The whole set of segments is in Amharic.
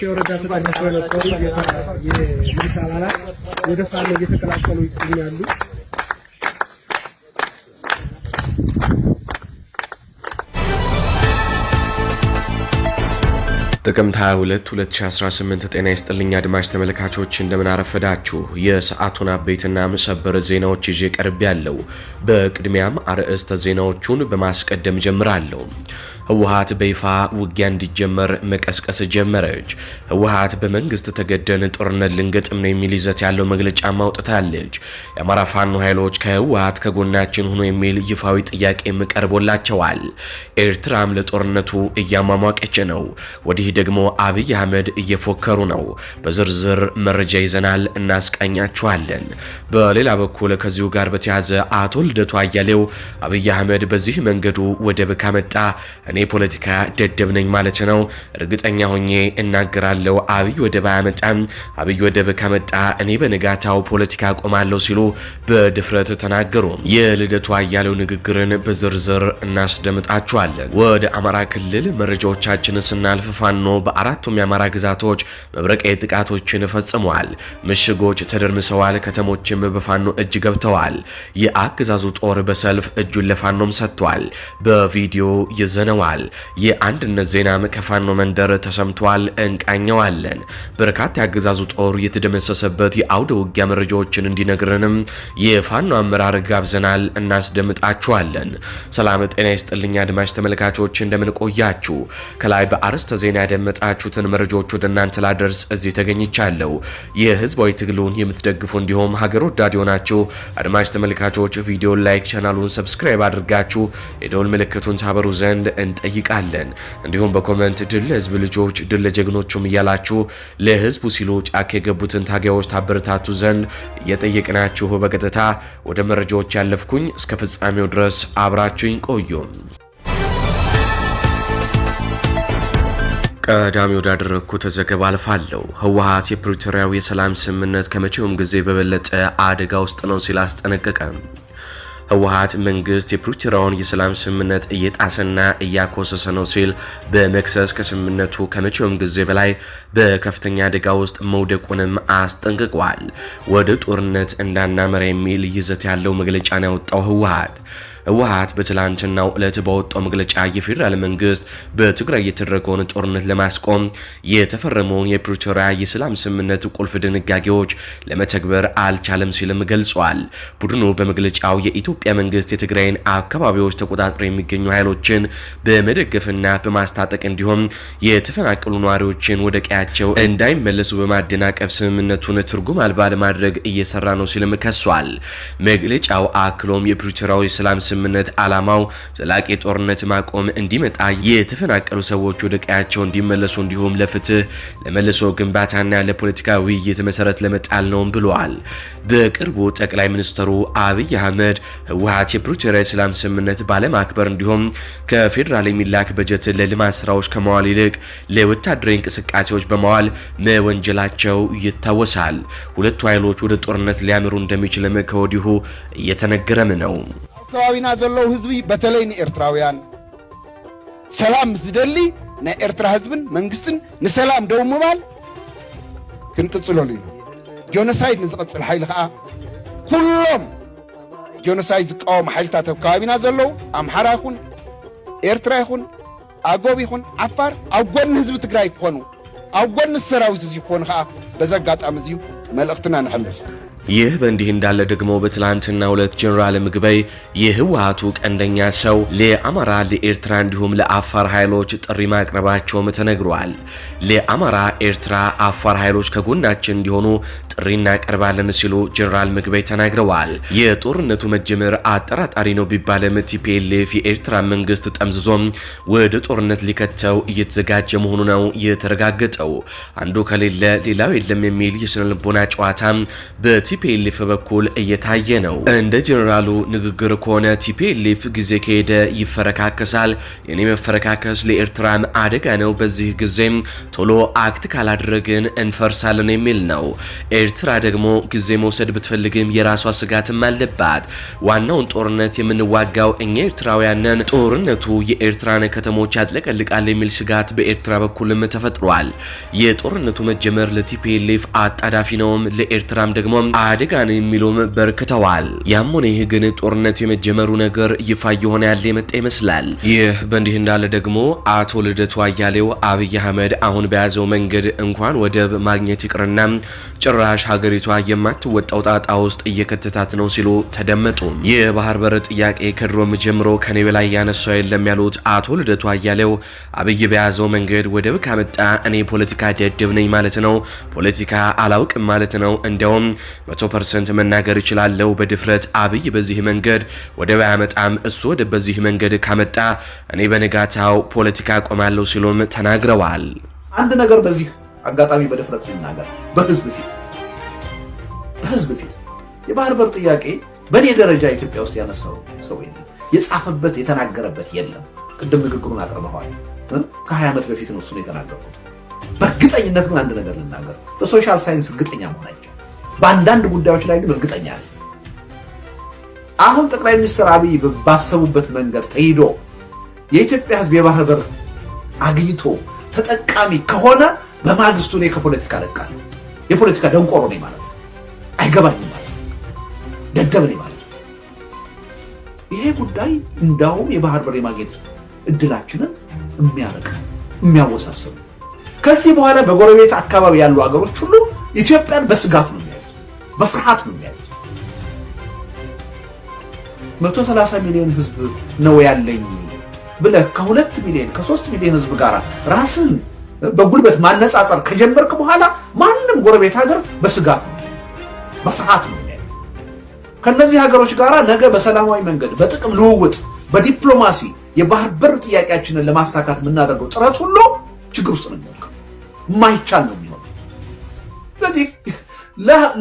የወረዳ ተጠሪዎች በነበሩ የመንግስት አባላት ወደ ፋኖ እየተቀላቀሉ ይገኛሉ። ጥቅምት 22 2018። ጤና ይስጥልኝ አድማጭ ተመልካቾች እንደምን አረፈዳችሁ። የሰዓቱን አበይትና ምሰበር ዜናዎች ይዤ ቀርብ ያለው። በቅድሚያም አርዕስተ ዜናዎቹን በማስቀደም ጀምራለሁ። ህወሀት በይፋ ውጊያ እንዲጀመር መቀስቀስ ጀመረች። ህወሀት በመንግስት ተገደን ጦርነት ልንገጥም ነው የሚል ይዘት ያለው መግለጫ ማውጥታለች። የአማራ ፋኖ ኃይሎች ከህወሀት ከጎናችን ሆኖ የሚል ይፋዊ ጥያቄም ቀርቦላቸዋል። ኤርትራም ለጦርነቱ እያሟሟቀች ነው። ወዲህ ደግሞ አብይ አህመድ እየፎከሩ ነው። በዝርዝር መረጃ ይዘናል፣ እናስቃኛችኋለን። በሌላ በኩል ከዚሁ ጋር በተያያዘ አቶ ልደቱ አያሌው አብይ አህመድ በዚህ መንገዱ ወደብ ካመጣ እኔ ፖለቲካ ደደብ ነኝ ማለት ነው። እርግጠኛ ሆኜ እናገራለሁ። አብይ ወደብ አያመጣም። አብይ ወደብ ከመጣ እኔ በንጋታው ፖለቲካ ቆማለሁ ሲሉ በድፍረት ተናገሩ። የልደቱ አያሌው ንግግርን በዝርዝር እናስደምጣችኋለን። ወደ አማራ ክልል መረጃዎቻችን ስናልፍ ፋኖ በአራቱም የአማራ ግዛቶች መብረቃዊ ጥቃቶችን ፈጽመዋል። ምሽጎች ተደርምሰዋል። ከተሞችም በፋኖ እጅ ገብተዋል። የአገዛዙ ጦር በሰልፍ እጁን ለፋኖም ሰጥቷል። በቪዲዮ ይዘነዋል። ተናግረዋል። የአንድነት ዜናም ከፋኖ መንደር ተሰምቷል፣ እንቃኘዋለን። በርካታ የአገዛዙ ጦር የተደመሰሰበት የአውደ ውጊያ መረጃዎችን እንዲነግረንም የፋኖ አመራር ጋብዘናል፣ እናስደምጣችኋለን። ሰላም ጤና ይስጥልኝ አድማጭ ተመልካቾች፣ እንደምንቆያችሁ ከላይ በአርዕስተ ዜና ያደመጣችሁትን መረጃዎች ወደ እናንተ ላደርስ እዚህ ተገኝቻለሁ። የህዝባዊ ትግሉን የምትደግፉ እንዲሁም ሀገር ወዳድ የሆናችሁ አድማጭ ተመልካቾች ቪዲዮን ላይክ፣ ቻናሉን ሰብስክራይብ አድርጋችሁ የደውል ምልክቱን ታበሩ ዘንድ እንጠይቃለን። እንዲሁም በኮመንት ድል ለህዝብ ልጆች፣ ድል ለጀግኖቹም እያላችሁ ለህዝቡ ሲሉ ጫካ የገቡትን ታጋዮች ታበረታቱ ዘንድ እየጠየቅናችሁ በቀጥታ ወደ መረጃዎች ያለፍኩኝ፣ እስከ ፍጻሜው ድረስ አብራችሁኝ ቆዩም። ቀዳሚ ወዳደረግኩት ዘገባ አልፋለሁ። ህወሀት የፕሪቶሪያው የሰላም ስምምነት ከመቼውም ጊዜ በበለጠ አደጋ ውስጥ ነው ሲል አስጠነቀቀም። ህወሀት መንግስት የፕሪቶሪያውን የሰላም ስምምነት እየጣሰና እያኮሰሰ ነው ሲል በመክሰስ ከስምምነቱ ከመቼውም ጊዜ በላይ በከፍተኛ አደጋ ውስጥ መውደቁንም አስጠንቅቋል። ወደ ጦርነት እንዳናመራ የሚል ይዘት ያለው መግለጫን ያወጣው ህወሀት ህወሓት በትላንትናው ዕለት በወጣው መግለጫ የፌዴራል መንግስት በትግራይ የተደረገውን ጦርነት ለማስቆም የተፈረመውን የፕሪቶሪያ የሰላም ስምምነት ቁልፍ ድንጋጌዎች ለመተግበር አልቻለም ሲልም ገልጿል። ቡድኑ በመግለጫው የኢትዮጵያ መንግስት የትግራይን አካባቢዎች ተቆጣጥረው የሚገኙ ኃይሎችን በመደገፍና በማስታጠቅ እንዲሁም የተፈናቀሉ ነዋሪዎችን ወደ ቀያቸው እንዳይመለሱ በማደናቀፍ ስምምነቱን ትርጉም አልባ ለማድረግ እየሰራ ነው ሲልም ከሷል። መግለጫው አክሎም የፕሪቶሪያው የሰላም ስምምነት ዓላማው ዘላቂ ጦርነት ማቆም እንዲመጣ፣ የተፈናቀሉ ሰዎች ወደ ቀያቸው እንዲመለሱ እንዲሁም ለፍትህ ለመልሶ ግንባታና ለፖለቲካ ውይይት መሰረት ለመጣል ነውም ብለዋል። በቅርቡ ጠቅላይ ሚኒስትሩ አብይ አህመድ ህወሀት የፕሪቶሪያ የሰላም ስምምነት ባለማክበር እንዲሁም ከፌዴራል የሚላክ በጀት ለልማት ስራዎች ከመዋል ይልቅ ለወታደራዊ እንቅስቃሴዎች በመዋል መወንጀላቸው ይታወሳል። ሁለቱ ኃይሎች ወደ ጦርነት ሊያምሩ እንደሚችልም ከወዲሁ እየተነገረም ነው። ከባቢና ዘለው ህዝቢ በተለይ ንኤርትራውያን ሰላም ዝደሊ ናይ ኤርትራ ህዝብን መንግስትን ንሰላም ደው ምባል ክንቅፅለሉ ኢሉ ጆኖሳይድ ንዝቐፅል ሓይሊ ከዓ ኩሎም ጆኖሳይድ ዝቃወሙ ሓይልታት ኣብ ከባቢና ዘለዉ ኣምሓራ ይኹን ኤርትራ ይኹን ኣጎብ ይኹን ዓፋር ኣብ ጎኒ ህዝቢ ትግራይ ክኾኑ ኣብ ጎኒ ሰራዊት እዙ ክኾኑ ከዓ በዚ ኣጋጣሚ እዚዩ መልእኽትና ንሕልፍ ይህ በእንዲህ እንዳለ ደግሞ በትላንትና ሁለት ጀኔራል ምግበይ የህወሓቱ ቀንደኛ ሰው ለአማራ፣ ለኤርትራ እንዲሁም ለአፋር ኃይሎች ጥሪ ማቅረባቸውም ተነግሯል። ለአማራ፣ ኤርትራ፣ አፋር ኃይሎች ከጎናችን እንዲሆኑ ጥሪ እናቀርባለን ሲሉ ጀኔራል ምግበይ ተናግረዋል። የጦርነቱ መጀመር አጠራጣሪ ነው ቢባልም ቲፒኤልኤፍ የኤርትራ መንግስት ጠምዝዞም ወደ ጦርነት ሊከተው እየተዘጋጀ መሆኑ ነው የተረጋገጠው። አንዱ ከሌለ ሌላው የለም የሚል የስነልቦና ጨዋታ በቲ ቲፒኤልኤፍ በኩል እየታየ ነው። እንደ ጀኔራሉ ንግግር ከሆነ ቲፒኤልኤፍ ጊዜ ከሄደ ይፈረካከሳል። የኔ መፈረካከስ ለኤርትራም አደጋ ነው። በዚህ ጊዜም ቶሎ አክት ካላደረግን እንፈርሳለን የሚል ነው። ኤርትራ ደግሞ ጊዜ መውሰድ ብትፈልግም የራሷ ስጋትም አለባት። ዋናውን ጦርነት የምንዋጋው እኛ ኤርትራውያንን፣ ጦርነቱ የኤርትራን ከተሞች ያጥለቀልቃል የሚል ስጋት በኤርትራ በኩልም ተፈጥሯል። የጦርነቱ መጀመር ለቲፒኤልኤፍ አጣዳፊ ነውም ለኤርትራም ደግሞ አደጋ ነው የሚለውም በርክተዋል። ያም ሆነ ይህ ግን ጦርነቱ የመጀመሩ ነገር ይፋ እየሆነ ያለ የመጣ ይመስላል። ይህ በእንዲህ እንዳለ ደግሞ አቶ ልደቱ አያሌው አብይ አህመድ አሁን በያዘው መንገድ እንኳን ወደብ ማግኘት ይቅርና ጭራሽ ሀገሪቷ የማትወጣው ጣጣ ውስጥ እየከተታት ነው ሲሉ ተደመጡ። የባህር በር ጥያቄ ከድሮም ጀምሮ ከኔ በላይ ያነሳው የለም ያሉት አቶ ልደቱ አያሌው አብይ በያዘው መንገድ ወደብ ካመጣ እኔ ፖለቲካ ደድብ ነኝ ማለት ነው፣ ፖለቲካ አላውቅም ማለት ነው። እንዲያውም መቶ ፐርሰንት መናገር እችላለሁ በድፍረት አብይ በዚህ መንገድ ወደብ አያመጣም፣ እሱ ወደ በዚህ መንገድ ካመጣ እኔ በንጋታው ፖለቲካ አቆማለሁ ሲሉም ተናግረዋል። አንድ ነገር በዚህ አጋጣሚ በድፍረት ሲናገር በህዝብ ፊት በህዝብ ፊት የባህር በር ጥያቄ በእኔ ደረጃ ኢትዮጵያ ውስጥ ያነሳው ሰው የጻፈበት የተናገረበት የለም። ቅድም ንግግሩን አቅርበዋል። ከ20 ዓመት በፊት ነው እሱ የተናገሩ። በእርግጠኝነት ግን አንድ ነገር ልናገር፣ በሶሻል ሳይንስ እርግጠኛ መሆናቸው በአንዳንድ ጉዳዮች ላይ ግን እርግጠኛ ነኝ። አሁን ጠቅላይ ሚኒስትር አብይ ባሰቡበት መንገድ ተሂዶ የኢትዮጵያ ሕዝብ የባህር በር አግኝቶ ተጠቃሚ ከሆነ በማግስቱ እኔ ከፖለቲካ እለቃለሁ። የፖለቲካ ደንቆሮ ነኝ ማለት ነው። አይገባኝም ማለት ነው። ደደብ ነኝ ማለት ነው። ይሄ ጉዳይ እንዳውም የባህር በር የማግኘት እድላችንን የሚያረቅ የሚያወሳስብ ከዚህ በኋላ በጎረቤት አካባቢ ያሉ ሀገሮች ሁሉ ኢትዮጵያን በስጋት ነው በፍርሃት ነው የሚያዩት። መቶ ሰላሳ ሚሊዮን ህዝብ ነው ያለኝ ብለህ ከሁለት ሚሊዮን ከሶስት ሚሊዮን ህዝብ ጋር ራስን በጉልበት ማነጻጸር ከጀመርክ በኋላ ማንም ጎረቤት ሀገር በስጋት ነው፣ በፍርሃት ነው የሚያዩት። ከእነዚህ ሀገሮች ጋር ነገ በሰላማዊ መንገድ በጥቅም ልውውጥ፣ በዲፕሎማሲ የባህር በር ጥያቄያችንን ለማሳካት የምናደርገው ጥረት ሁሉ ችግር ውስጥ ነው የሚወድቀው። የማይቻል ነው የሚሆነው። ስለዚህ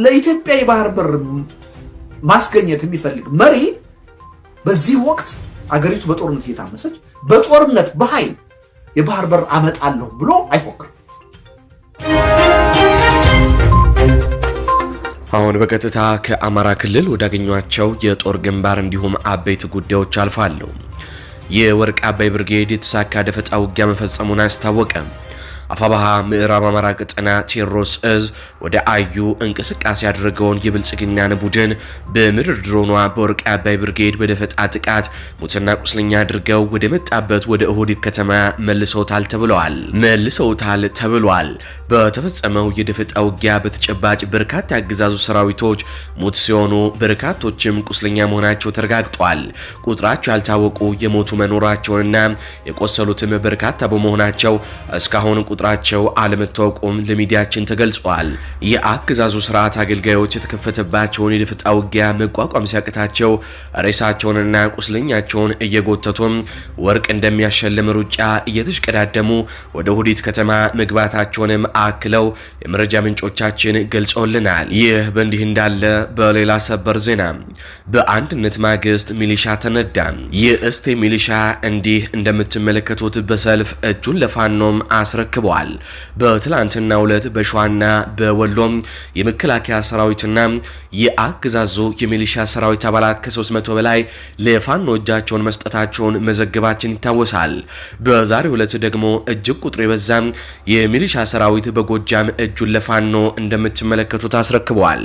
ለኢትዮጵያ የባህር በር ማስገኘት የሚፈልግ መሪ በዚህ ወቅት አገሪቱ በጦርነት እየታመሰች በጦርነት በኃይል የባህር በር አመጣለሁ ብሎ አይፎክርም። አሁን በቀጥታ ከአማራ ክልል ወዳገኟቸው የጦር ግንባር እንዲሁም አበይት ጉዳዮች አልፋለሁ። የወርቅ አባይ ብርጌድ የተሳካ ደፈጣ ውጊያ መፈጸሙን አስታወቀም። አፋባሃ ምዕራብ አማራ ቀጠና ቴዎድሮስ እዝ ወደ አዩ እንቅስቃሴ ያደረገውን የብልጽግናን ቡድን በምድር ድሮኗ በወርቅ አባይ ብርጌድ በደፈጣ ጥቃት ሙትና ቁስለኛ አድርገው ወደ መጣበት ወደ እሁድብ ከተማ መልሰውታል ተብለዋል መልሰውታል ተብሏል። በተፈጸመው የደፈጣ ውጊያ በተጨባጭ በርካታ ያገዛዙ ሰራዊቶች ሙት ሲሆኑ በርካቶችም ቁስለኛ መሆናቸው ተረጋግጧል። ቁጥራቸው ያልታወቁ የሞቱ መኖራቸውንና የቆሰሉትም በርካታ በመሆናቸው እስካሁን ቁጥራቸው አለመታወቁም ለሚዲያችን ተገልጿል። የአገዛዙ ስርዓት አገልጋዮች የተከፈተባቸውን የድፍጣ ውጊያ መቋቋም ሲያቅታቸው ሬሳቸውንና ቁስለኛቸውን እየጎተቱም ወርቅ እንደሚያሸልም ሩጫ እየተሽቀዳደሙ ወደ ሁዲት ከተማ መግባታቸውንም አክለው የመረጃ ምንጮቻችን ገልጸውልናል። ይህ በእንዲህ እንዳለ በሌላ ሰበር ዜና በአንድነት ማግስት ሚሊሻ ተነዳ። የእስቴ ሚሊሻ እንዲህ እንደምትመለከቱት በሰልፍ እጁን ለፋኖም አስረክቧል። አስመዝግበዋል። በትላንትና ዕለት በሸዋና በወሎም የመከላከያ ሰራዊትና የአገዛዙ የሚሊሻ ሰራዊት አባላት ከ300 በላይ ለፋኖ እጃቸውን መስጠታቸውን መዘገባችን ይታወሳል። በዛሬው ዕለት ደግሞ እጅግ ቁጥር የበዛ የሚሊሻ ሰራዊት በጎጃም እጁን ለፋኖ እንደምትመለከቱት አስረክበዋል።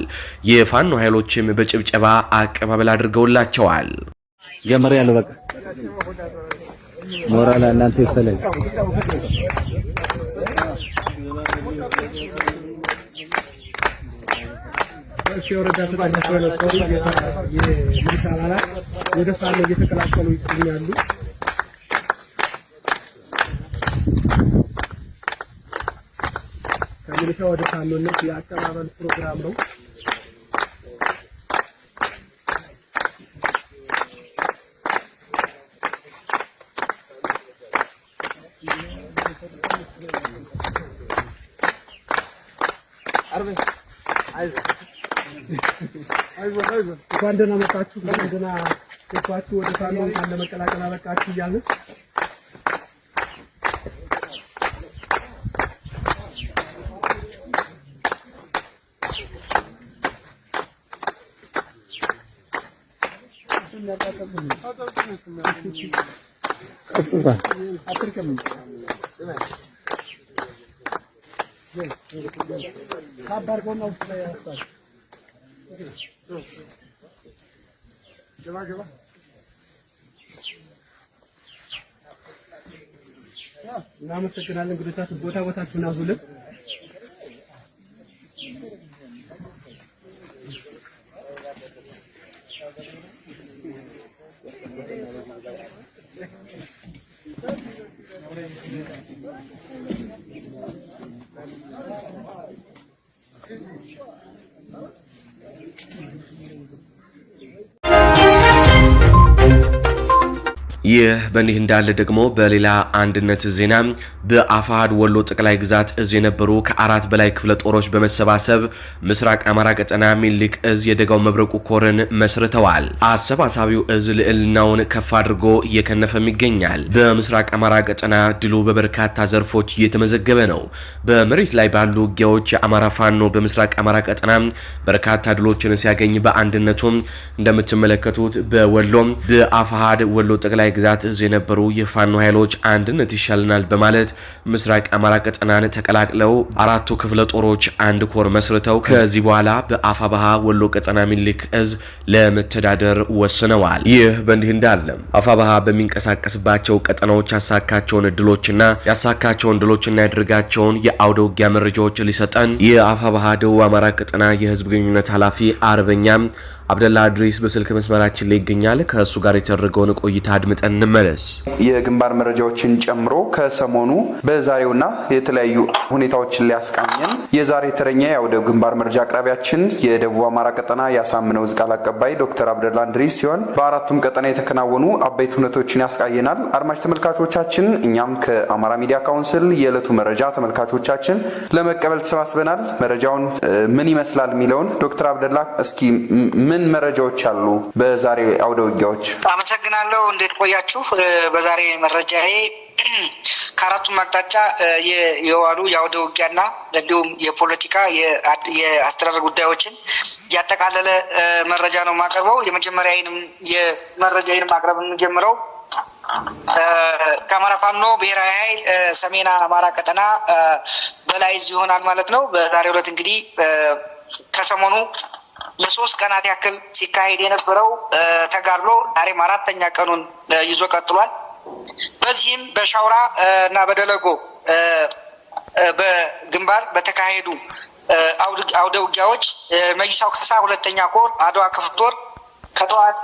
የፋኖ ኃይሎችም በጭብጨባ አቀባበል አድርገውላቸዋል። ጀመሪያ ለበቃ ሞራል እናንተ ይፈለግ የአርሲ ወረዳ ተጠርቶ የነበሩ የሚሊሻ አባላት ወደ ፋኖ እየተቀላቀሉ ይገኛሉ። ከሚሊሻ ወደ ፋኖነት የአቀባበል ፕሮግራም ነው። እንኳን ደህና መጣችሁ፣ እንኳን ደህና ገባችሁ ወደ ፋኖ፣ እንኳን ለመቀላቀል አበቃችሁ እያልን ሳባርጎና ውስጥ ላይ ገባ ገባ እናመሰግናለን። እንግዶቻችሁ ቦታ ቦታችሁን አዙልን። ይህ በእንዲህ እንዳለ ደግሞ በሌላ አንድነት ዜና በአፋሃድ ወሎ ጠቅላይ ግዛት እዝ የነበሩ ከአራት በላይ ክፍለ ጦሮች በመሰባሰብ ምስራቅ አማራ ቀጠና ሚኒሊክ እዝ የደጋው መብረቁ ኮርን መስርተዋል። አሰባሳቢው እዝ ልዕልናውን ከፍ አድርጎ እየከነፈም ይገኛል። በምስራቅ አማራ ቀጠና ድሉ በበርካታ ዘርፎች እየተመዘገበ ነው። በመሬት ላይ ባሉ ውጊያዎች የአማራ ፋኖ በምስራቅ አማራ ቀጠና በርካታ ድሎችን ሲያገኝ፣ በአንድነቱም እንደምትመለከቱት በወሎም በአፋሃድ ወሎ ጠቅላይ ግዛት እዝ የነበሩ የፋኖ ኃይሎች አንድነት ይሻልናል በማለት ምስራቅ አማራ ቀጠናን ተቀላቅለው አራቱ ክፍለ ጦሮች አንድ ኮር መስርተው ከዚህ በኋላ በአፋባሃ ወሎ ቀጠና ሚኒሊክ እዝ ለመተዳደር ወስነዋል። ይህ በእንዲህ እንዳለ አፋባሃ በሚንቀሳቀስባቸው ቀጠናዎች ያሳካቸውን እድሎችና ያሳካቸውን ድሎችና ያደርጋቸውን የአውደ ውጊያ መረጃዎች ሊሰጠን የአፋባሃ ደቡብ አማራ ቀጠና የህዝብ ግንኙነት ኃላፊ አርበኛም አብደላ አድሬስ በስልክ መስመራችን ላይ ይገኛል። ከእሱ ጋር የተደረገውን ቆይታ አድምጠን እንመለስ። የግንባር መረጃዎችን ጨምሮ ከሰሞኑ በዛሬውና የተለያዩ ሁኔታዎችን ሊያስቃኘን የዛሬ ተረኛ የአውደ ግንባር መረጃ አቅራቢያችን የደቡብ አማራ ቀጠና ያሳምነው እዝ ቃል አቀባይ ዶክተር አብደላ እንድሪስ ሲሆን በአራቱም ቀጠና የተከናወኑ አበይት ሁነቶችን ያስቃየናል። አድማጭ ተመልካቾቻችን፣ እኛም ከአማራ ሚዲያ ካውንስል የዕለቱ መረጃ ተመልካቾቻችን ለመቀበል ተሰባስበናል። መረጃውን ምን ይመስላል የሚለውን ዶክተር አብደላ እስኪ ምን ምን መረጃዎች አሉ በዛሬ አውደ ውጊያዎች? አመሰግናለሁ። እንዴት ቆያችሁ? በዛሬ መረጃዬ ከአራቱም አቅጣጫ የዋሉ የአውደ ውጊያና እንዲሁም የፖለቲካ የአስተዳደር ጉዳዮችን ያጠቃለለ መረጃ ነው የማቀርበው። የመረጃ የመረጃዬን ማቅረብ የምንጀምረው ከአማራ ፋኖ ብሔራዊ ኃይል ሰሜን አማራ ቀጠና በላይ ይሆናል ማለት ነው። በዛሬው ዕለት እንግዲህ ከሰሞኑ ለሶስት ቀናት ያክል ሲካሄድ የነበረው ተጋድሎ ዛሬም አራተኛ ቀኑን ይዞ ቀጥሏል። በዚህም በሻውራ እና በደለጎ በግንባር በተካሄዱ አውደ ውጊያዎች መይሳው ከሳ ሁለተኛ ኮር አድዋ ክፍለ ጦር ከጠዋት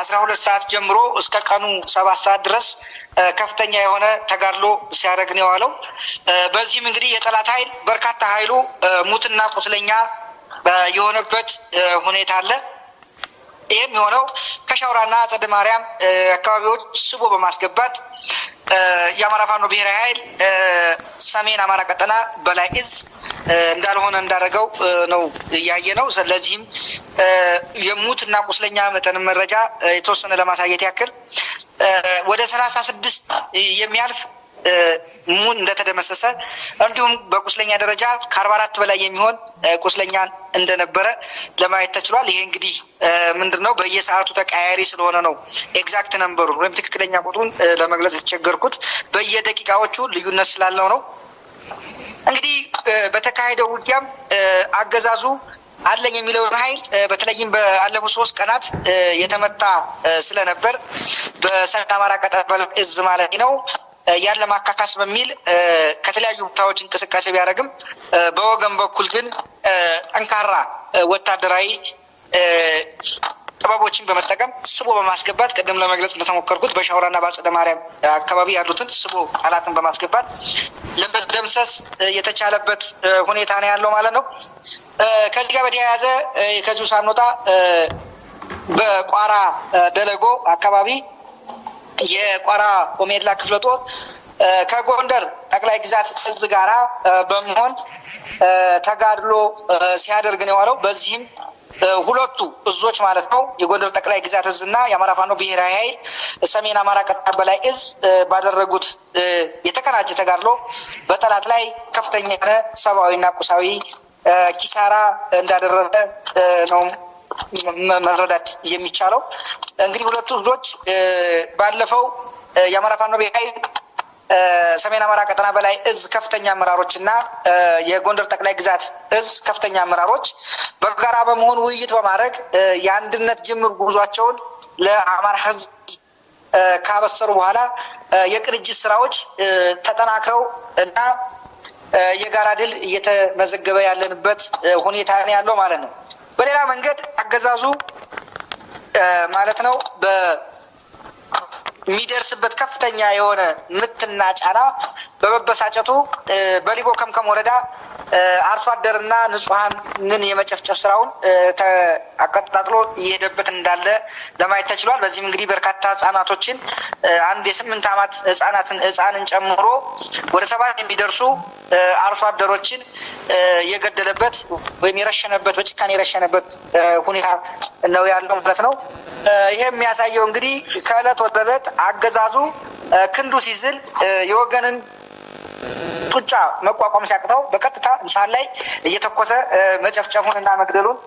አስራ ሁለት ሰዓት ጀምሮ እስከ ቀኑ ሰባት ሰዓት ድረስ ከፍተኛ የሆነ ተጋድሎ ሲያደርግ ነው የዋለው። በዚህም እንግዲህ የጠላት ኃይል በርካታ ኃይሉ ሙትና ቁስለኛ የሆነበት ሁኔታ አለ። ይህም የሆነው ከሻውራና ጸደ ማርያም አካባቢዎች ስቦ በማስገባት የአማራ ፋኖ ብሔራዊ ኃይል ሰሜን አማራ ቀጠና በላይ እዝ እንዳልሆነ እንዳደረገው ነው እያየ ነው። ስለዚህም የሙትና ቁስለኛ መጠን መረጃ የተወሰነ ለማሳየት ያክል ወደ ሰላሳ ስድስት የሚያልፍ ሙን እንደተደመሰሰ እንዲሁም በቁስለኛ ደረጃ ከአርባ አራት በላይ የሚሆን ቁስለኛ እንደነበረ ለማየት ተችሏል። ይሄ እንግዲህ ምንድን ነው በየሰዓቱ ተቀያሪ ስለሆነ ነው ኤግዛክት ነንበሩ ወይም ትክክለኛ ቁጥሩን ለመግለጽ የተቸገርኩት በየደቂቃዎቹ ልዩነት ስላለው ነው። እንግዲህ በተካሄደው ውጊያም አገዛዙ አለኝ የሚለውን ኃይል በተለይም በአለፉ ሶስት ቀናት የተመታ ስለነበር በሰሜን አማራ ቀጠበል እዝ ማለት ነው ያን ለማካካስ በሚል ከተለያዩ ቦታዎች እንቅስቃሴ ቢያደርግም በወገን በኩል ግን ጠንካራ ወታደራዊ ጥበቦችን በመጠቀም ስቦ በማስገባት ቅድም ለመግለጽ እንደተሞከርኩት በሻውራና በአጸደ ማርያም አካባቢ ያሉትን ስቦ ቃላትን በማስገባት ለመደምሰስ የተቻለበት ሁኔታ ነው ያለው ማለት ነው። ከዚህ ጋር በተያያዘ ከዚሁ ሳንወጣ በቋራ ደለጎ አካባቢ የቋራ ኦሜድላ ክፍለ ጦር ከጎንደር ጠቅላይ ግዛት እዝ ጋራ በመሆን ተጋድሎ ሲያደርግ ነው የዋለው። በዚህም ሁለቱ እዞች ማለት ነው የጎንደር ጠቅላይ ግዛት እዝ እና የአማራ ፋኖ ብሔራዊ ኃይል ሰሜን አማራ ቀጣ በላይ እዝ ባደረጉት የተቀናጀ ተጋድሎ በጠላት ላይ ከፍተኛ የሆነ ሰብአዊና ቁሳዊ ኪሳራ እንዳደረገ ነው መረዳት የሚቻለው እንግዲህ ሁለቱ እዞች ባለፈው የአማራ ፋኖ ኃይል ሰሜን አማራ ቀጠና በላይ እዝ ከፍተኛ አመራሮች እና የጎንደር ጠቅላይ ግዛት እዝ ከፍተኛ አመራሮች በጋራ በመሆን ውይይት በማድረግ የአንድነት ጅምር ጉዟቸውን ለአማራ ህዝብ ካበሰሩ በኋላ የቅንጅት ስራዎች ተጠናክረው እና የጋራ ድል እየተመዘገበ ያለንበት ሁኔታ ያለው ማለት ነው። በሌላ መንገድ አገዛዙ ማለት ነው በሚደርስበት ከፍተኛ የሆነ ምትና ጫና በመበሳጨቱ በሊቦ ከምከም ወረዳ አርሶ አደርና ንጹሐንን የመጨፍጨፍ ስራውን አቀጣጥሎ እየሄደበት እንዳለ ለማየት ተችሏል። በዚህም እንግዲህ በርካታ ህጻናቶችን አንድ የስምንት ዓመት ህጻናትን ህጻንን ጨምሮ ወደ ሰባት የሚደርሱ አርሶ አደሮችን የገደለበት ወይም የረሸነበት በጭካኔ የረሸነበት ሁኔታ ነው ያለው ማለት ነው። ይሄ የሚያሳየው እንግዲህ ከእለት ወደ እለት አገዛዙ ክንዱ ሲዝል የወገንን ጡጫ መቋቋም ሲያቅተው በቀጥታ ንጹሐን ላይ እየተኮሰ መጨፍጨፉን እና መግደሉን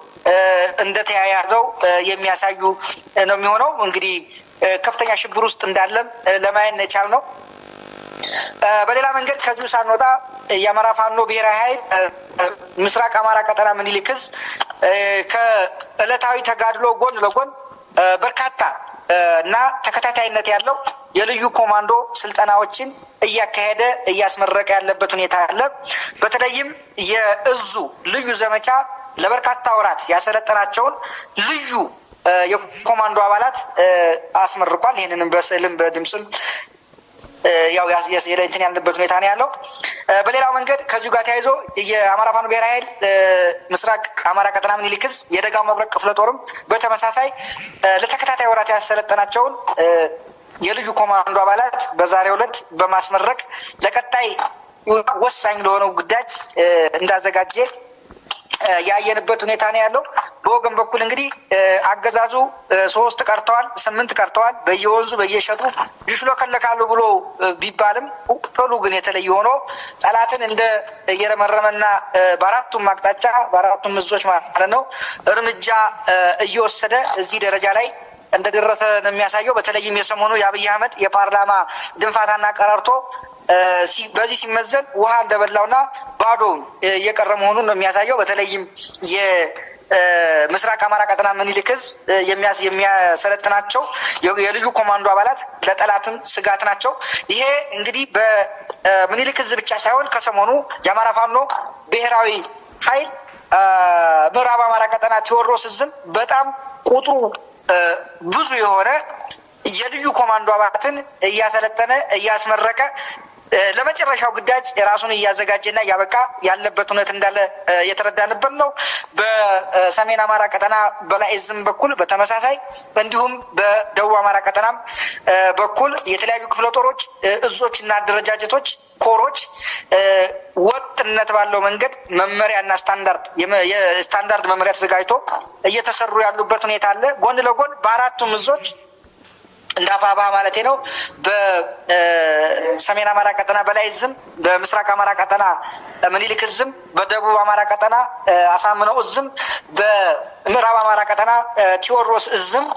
እንደተያያዘው የሚያሳዩ ነው የሚሆነው። እንግዲህ ከፍተኛ ሽብር ውስጥ እንዳለም ለማየት ቻል ነው። በሌላ መንገድ ከዚሁ ሳንወጣ የአማራ ፋኖ ብሔራዊ ኃይል ምስራቅ አማራ ቀጠና ምኒልክ ከእለታዊ ተጋድሎ ጎን ለጎን በርካታ እና ተከታታይነት ያለው የልዩ ኮማንዶ ስልጠናዎችን እያካሄደ እያስመረቀ ያለበት ሁኔታ አለ። በተለይም የእዙ ልዩ ዘመቻ ለበርካታ ወራት ያሰለጠናቸውን ልዩ የኮማንዶ አባላት አስመርቋል። ይህንንም በስዕልም በድምፅም ያው እንትን ያልንበት ሁኔታ ነው ያለው። በሌላው መንገድ ከዚሁ ጋር ተያይዞ የአማራ ፋኖ ብሔራዊ ኃይል ምስራቅ አማራ ቀጠና ምኒልክዝ የደጋው መብረቅ ክፍለ ጦርም በተመሳሳይ ለተከታታይ ወራት ያሰለጠናቸውን የልዩ ኮማንዶ አባላት በዛሬው ዕለት በማስመረቅ ለቀጣይ ወሳኝ ለሆነው ግዳጅ እንዳዘጋጀ ያየንበት ሁኔታ ነው ያለው። በወገን በኩል እንግዲህ አገዛዙ ሶስት ቀርተዋል፣ ስምንት ቀርተዋል፣ በየወንዙ በየሸጡ ይሽሎከለካሉ ብሎ ቢባልም ቁጥሉ ግን የተለየ ሆኖ ጠላትን እንደ እየረመረመና በአራቱም አቅጣጫ በአራቱም ምዞች ማለት ነው እርምጃ እየወሰደ እዚህ ደረጃ ላይ እንደደረሰ ነው የሚያሳየው። በተለይም የሰሞኑ የአብይ አህመድ የፓርላማ ድንፋታና ቀረርቶ በዚህ ሲመዘን ውሃ እንደበላውና ባዶውን እየቀረ መሆኑን ነው የሚያሳየው። በተለይም የምስራቅ አማራ ቀጠና ምኒልክ የሚያሰለጥናቸው የልዩ ኮማንዶ አባላት ለጠላትም ስጋት ናቸው። ይሄ እንግዲህ በምኒልክ ብቻ ሳይሆን ከሰሞኑ የአማራ ፋኖ ብሔራዊ ኃይል ምዕራብ አማራ ቀጠና ቴዎድሮስ ዕዝም በጣም ቁጥሩ ብዙ የሆነ የልዩ ኮማንዶ አባላትን እያሰለጠነ እያስመረቀ ለመጨረሻው ግዳጅ ራሱን እያዘጋጀና እያበቃ ያለበት እውነት እንዳለ የተረዳንበት ነው። በሰሜን አማራ ቀጠና በላይ በኩል በተመሳሳይ እንዲሁም በደቡብ አማራ ቀጠናም በኩል የተለያዩ ክፍለ ጦሮች፣ እዞች እና አደረጃጀቶች ኮሮች ወጥነት ባለው መንገድ መመሪያና ስታንዳርድ የስታንዳርድ መመሪያ ተዘጋጅቶ እየተሰሩ ያሉበት ሁኔታ አለ። ጎን ለጎን በአራቱም እዞች እንደ አፋባ ማለት ነው። በሰሜን አማራ ቀጠና በላይ እዝም፣ በምስራቅ አማራ ቀጠና ምኒልክ ዝም፣ በደቡብ አማራ ቀጠና አሳምነው እዝም፣ በምዕራብ አማራ ቀጠና ቴዎድሮስ እዝም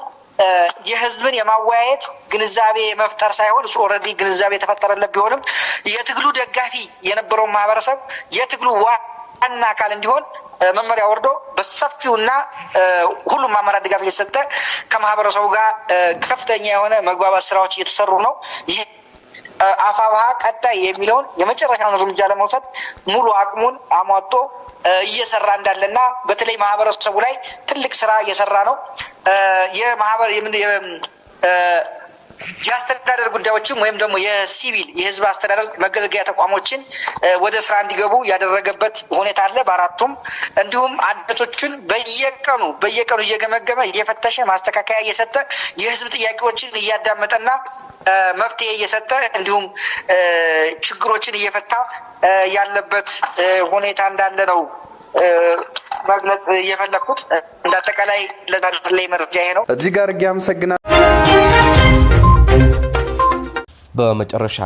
የህዝብን የማወያየት ግንዛቤ መፍጠር ሳይሆን እሱ ኦልሬዲ ግንዛቤ የተፈጠረለት ቢሆንም የትግሉ ደጋፊ የነበረውን ማህበረሰብ የትግሉ ዋና አካል እንዲሆን መመሪያ ወርዶ በሰፊውና ሁሉም አመራር ድጋፍ እየተሰጠ ከማህበረሰቡ ጋር ከፍተኛ የሆነ መግባባት ስራዎች እየተሰሩ ነው። ይህ አፋብኃ ቀጣይ የሚለውን የመጨረሻውን እርምጃ ለመውሰድ ሙሉ አቅሙን አሟጦ እየሰራ እንዳለና በተለይ ማህበረሰቡ ላይ ትልቅ ስራ እየሰራ ነው። የአስተዳደር ጉዳዮችም ወይም ደግሞ የሲቪል የህዝብ አስተዳደር መገልገያ ተቋሞችን ወደ ስራ እንዲገቡ ያደረገበት ሁኔታ አለ በአራቱም። እንዲሁም አደቶችን በየቀኑ በየቀኑ እየገመገመ እየፈተሸ ማስተካከያ እየሰጠ የህዝብ ጥያቄዎችን እያዳመጠና መፍትሄ እየሰጠ እንዲሁም ችግሮችን እየፈታ ያለበት ሁኔታ እንዳለ ነው መግለጽ እየፈለግኩት። እንዳጠቃላይ ለዛሬ ላይ መረጃ ይሄ ነው። እጅግ ጋር አመሰግናለሁ። በመጨረሻ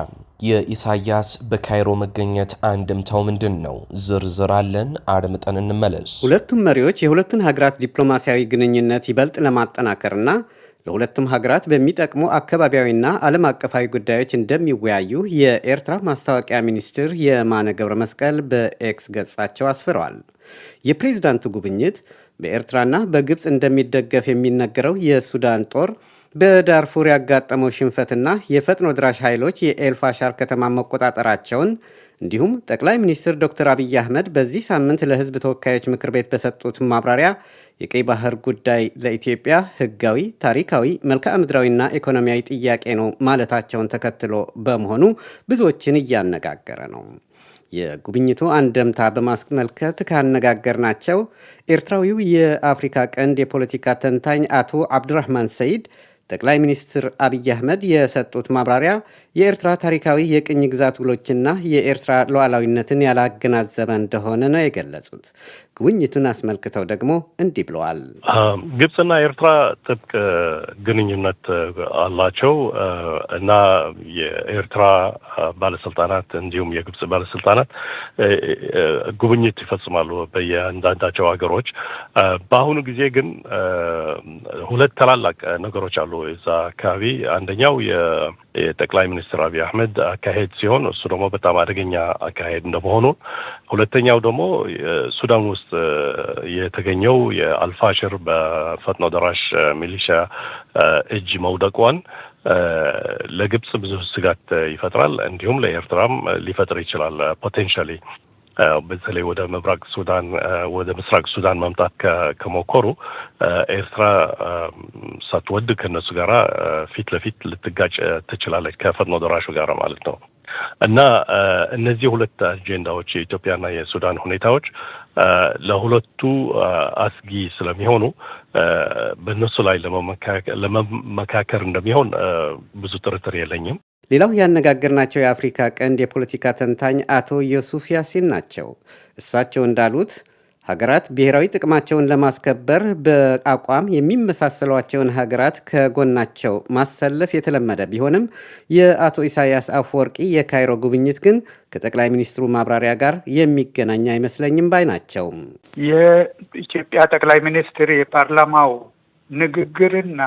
የኢሳያስ በካይሮ መገኘት አንድምታው ምንድን ነው? ዝርዝር አለን፣ አድምጠን እንመለስ። ሁለቱም መሪዎች የሁለቱን ሀገራት ዲፕሎማሲያዊ ግንኙነት ይበልጥ ለማጠናከርና ለሁለቱም ሀገራት በሚጠቅሙ አካባቢያዊና ዓለም አቀፋዊ ጉዳዮች እንደሚወያዩ የኤርትራ ማስታወቂያ ሚኒስትር የማነ ገብረ መስቀል በኤክስ ገጻቸው አስፍረዋል። የፕሬዝዳንቱ ጉብኝት በኤርትራና በግብፅ እንደሚደገፍ የሚነገረው የሱዳን ጦር በዳርፉር ያጋጠመው ሽንፈትና የፈጥኖ ድራሽ ኃይሎች የኤልፋሻር ከተማ መቆጣጠራቸውን እንዲሁም ጠቅላይ ሚኒስትር ዶክተር አብይ አህመድ በዚህ ሳምንት ለሕዝብ ተወካዮች ምክር ቤት በሰጡት ማብራሪያ የቀይ ባህር ጉዳይ ለኢትዮጵያ ሕጋዊ፣ ታሪካዊ፣ መልክዓ ምድራዊና ኢኮኖሚያዊ ጥያቄ ነው ማለታቸውን ተከትሎ በመሆኑ ብዙዎችን እያነጋገረ ነው። የጉብኝቱ አንደምታ በማስመልከት ካነጋገርናቸው ኤርትራዊው የአፍሪካ ቀንድ የፖለቲካ ተንታኝ አቶ አብዱራህማን ሰይድ ጠቅላይ ሚኒስትር አብይ አህመድ የሰጡት ማብራሪያ የኤርትራ ታሪካዊ የቅኝ ግዛት ውሎችና የኤርትራ ሉዓላዊነትን ያላገናዘበ እንደሆነ ነው የገለጹት። ጉብኝቱን አስመልክተው ደግሞ እንዲህ ብለዋል። ግብፅና ኤርትራ ጥብቅ ግንኙነት አላቸው እና የኤርትራ ባለስልጣናት እንዲሁም የግብፅ ባለስልጣናት ጉብኝት ይፈጽማሉ በየአንዳንዳቸው ሀገሮች። በአሁኑ ጊዜ ግን ሁለት ታላላቅ ነገሮች አሉ እዛ አካባቢ አንደኛው የጠቅላይ ሚኒስትር አብይ አህመድ አካሄድ ሲሆን እሱ ደግሞ በጣም አደገኛ አካሄድ እንደመሆኑ፣ ሁለተኛው ደግሞ ሱዳን ውስጥ የተገኘው የአልፋሽር በፈጥኖ ደራሽ ሚሊሻ እጅ መውደቋን ለግብጽ ብዙ ስጋት ይፈጥራል። እንዲሁም ለኤርትራም ሊፈጥር ይችላል ፖቴንሻሊ በተለይ ወደ ምብራቅ ሱዳን ወደ ምስራቅ ሱዳን መምጣት ከሞከሩ ኤርትራ ሳትወድ ከነሱ ጋራ ፊት ለፊት ልትጋጭ ትችላለች ከፈጥኖ ደራሹ ጋር ማለት ነው። እና እነዚህ ሁለት አጀንዳዎች የኢትዮጵያና የሱዳን ሁኔታዎች ለሁለቱ አስጊ ስለሚሆኑ በእነሱ ላይ ለመመካከር እንደሚሆን ብዙ ጥርጥር የለኝም። ሌላው ያነጋገርናቸው የአፍሪካ ቀንድ የፖለቲካ ተንታኝ አቶ ዮሱፍ ያሲን ናቸው። እሳቸው እንዳሉት ሀገራት ብሔራዊ ጥቅማቸውን ለማስከበር በአቋም የሚመሳሰሏቸውን ሀገራት ከጎናቸው ማሰለፍ የተለመደ ቢሆንም የአቶ ኢሳያስ አፈወርቂ የካይሮ ጉብኝት ግን ከጠቅላይ ሚኒስትሩ ማብራሪያ ጋር የሚገናኝ አይመስለኝም ባይ ናቸው። የኢትዮጵያ ጠቅላይ ሚኒስትር የፓርላማው ንግግርና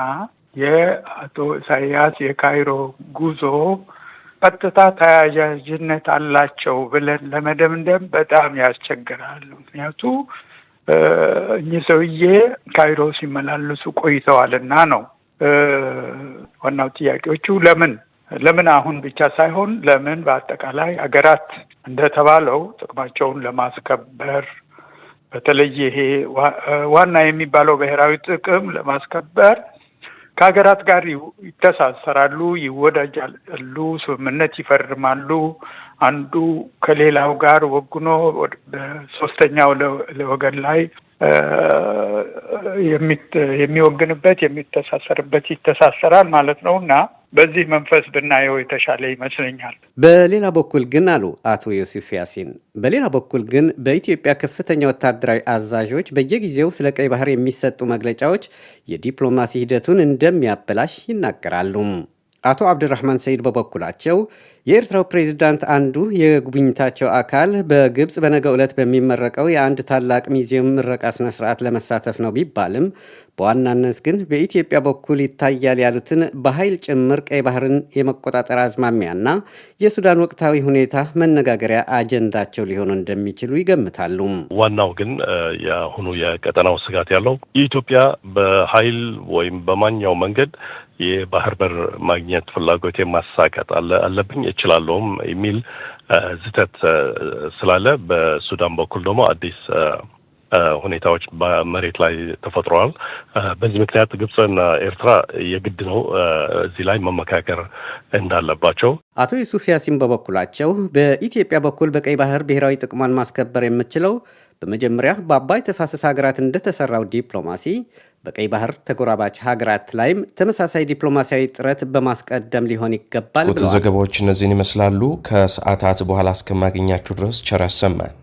የአቶ ኢሳያስ የካይሮ ጉዞ ቀጥታ ተያያዥነት አላቸው ብለን ለመደምደም በጣም ያስቸግራል። ምክንያቱ እኚህ ሰውዬ ካይሮ ሲመላለሱ ቆይተዋል እና ነው። ዋናው ጥያቄዎቹ ለምን ለምን አሁን ብቻ ሳይሆን ለምን በአጠቃላይ ሀገራት እንደተባለው ጥቅማቸውን ለማስከበር በተለይ ይሄ ዋና የሚባለው ብሔራዊ ጥቅም ለማስከበር ከሀገራት ጋር ይተሳሰራሉ፣ ይወዳጃሉ፣ ስምምነት ይፈርማሉ። አንዱ ከሌላው ጋር ወግኖ ሶስተኛው ለወገን ላይ የሚወግንበት የሚተሳሰርበት ይተሳሰራል ማለት ነው እና በዚህ መንፈስ ብናየው የተሻለ ይመስለኛል። በሌላ በኩል ግን አሉ አቶ ዮሴፍ ያሲን፣ በሌላ በኩል ግን በኢትዮጵያ ከፍተኛ ወታደራዊ አዛዦች በየጊዜው ስለ ቀይ ባህር የሚሰጡ መግለጫዎች የዲፕሎማሲ ሂደቱን እንደሚያበላሽ ይናገራሉ። አቶ አብድራህማን ሰይድ በበኩላቸው የኤርትራው ፕሬዚዳንት አንዱ የጉብኝታቸው አካል በግብፅ በነገ ዕለት በሚመረቀው የአንድ ታላቅ ሚዚየም ምረቃ ስነስርዓት ለመሳተፍ ነው ቢባልም በዋናነት ግን በኢትዮጵያ በኩል ይታያል ያሉትን በኃይል ጭምር ቀይ ባህርን የመቆጣጠር አዝማሚያና የሱዳን ወቅታዊ ሁኔታ መነጋገሪያ አጀንዳቸው ሊሆኑ እንደሚችሉ ይገምታሉ። ዋናው ግን የአሁኑ የቀጠናው ስጋት ያለው የኢትዮጵያ በኃይል ወይም በማንኛው መንገድ የባህር በር ማግኘት ፍላጎት ማሳቀጥ አለብኝ እችላለሁም የሚል ዝተት ስላለ በሱዳን በኩል ደግሞ አዲስ ሁኔታዎች መሬት ላይ ተፈጥረዋል። በዚህ ምክንያት ግብፅና ኤርትራ የግድ ነው እዚህ ላይ መመካከር እንዳለባቸው። አቶ ዩሱፍ ያሲን በበኩላቸው በኢትዮጵያ በኩል በቀይ ባህር ብሔራዊ ጥቅሟን ማስከበር የምችለው በመጀመሪያ በአባይ ተፋሰስ ሀገራት እንደተሰራው ዲፕሎማሲ በቀይ ባህር ተጎራባች ሀገራት ላይም ተመሳሳይ ዲፕሎማሲያዊ ጥረት በማስቀደም ሊሆን ይገባል። ቁጥ ዘገባዎች እነዚህን ይመስላሉ። ከሰዓታት በኋላ እስከማገኛችሁ ድረስ ቸር ያሰማን።